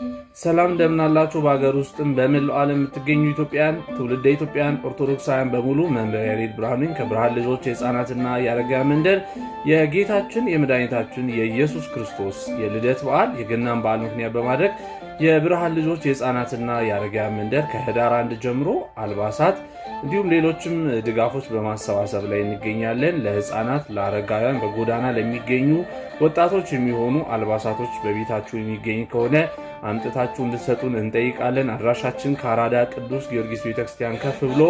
Mm-hmm. ሰላም እንደምናላችሁ በሀገር ውስጥም በመላው ዓለም የምትገኙ ኢትዮጵያን ትውልደ ኢትዮጵያን ኦርቶዶክሳውያን በሙሉ መንበር ያሬድ ብርሃኑ ከብርሃን ልጆች የህፃናትና የአረጋ መንደር የጌታችን የመድኃኒታችን የኢየሱስ ክርስቶስ የልደት በዓል የገናን በዓል ምክንያት በማድረግ የብርሃን ልጆች የህፃናትና የአረጋ መንደር ከህዳር አንድ ጀምሮ አልባሳት እንዲሁም ሌሎችም ድጋፎች በማሰባሰብ ላይ እንገኛለን። ለህፃናት፣ ለአረጋውያን፣ በጎዳና ለሚገኙ ወጣቶች የሚሆኑ አልባሳቶች በቤታችሁ የሚገኝ ከሆነ አምጥታችሁ አስተያየታችሁን እንድትሰጡን እንጠይቃለን። አድራሻችን ከአራዳ ቅዱስ ጊዮርጊስ ቤተክርስቲያን ከፍ ብሎ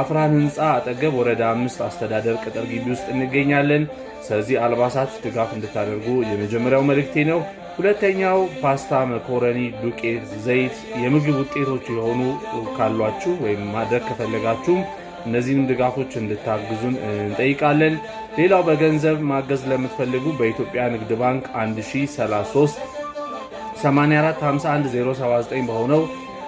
አፍራን ህንፃ አጠገብ ወረዳ አምስት አስተዳደር ቅጥር ግቢ ውስጥ እንገኛለን። ስለዚህ አልባሳት ድጋፍ እንድታደርጉ የመጀመሪያው መልእክቴ ነው። ሁለተኛው ፓስታ፣ መኮረኒ፣ ዱቄት፣ ዘይት፣ የምግብ ውጤቶች የሆኑ ካሏችሁ ወይም ማድረግ ከፈለጋችሁም እነዚህንም ድጋፎች እንድታግዙን እንጠይቃለን። ሌላው በገንዘብ ማገዝ ለምትፈልጉ በኢትዮጵያ ንግድ ባንክ 1033 8451079 በሆነው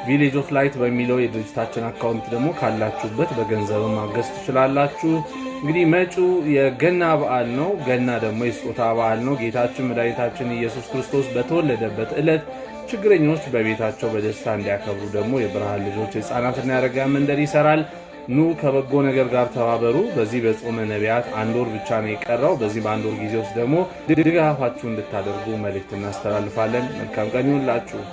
ቪሌጅ ኦፍ ላይት በሚለው የድርጅታችን አካውንት ደግሞ ካላችሁበት በገንዘብ ማገዝ ትችላላችሁ። እንግዲህ መጪው የገና በዓል ነው። ገና ደግሞ የስጦታ በዓል ነው። ጌታችን መድኃኒታችን ኢየሱስ ክርስቶስ በተወለደበት ዕለት ችግረኞች በቤታቸው በደስታ እንዲያከብሩ ደግሞ የብርሃን ልጆች የሕፃናትና ያረጋ መንደር ይሰራል። ኑ ከበጎ ነገር ጋር ተባበሩ። በዚህ በጾመ ነቢያት አንድ ወር ብቻ ነው የቀረው። በዚህ በአንድ ወር ጊዜ ውስጥ ደግሞ ድጋፋችሁ እንድታደርጉ መልእክት እናስተላልፋለን። መልካም ቀን ይሁንላችሁ።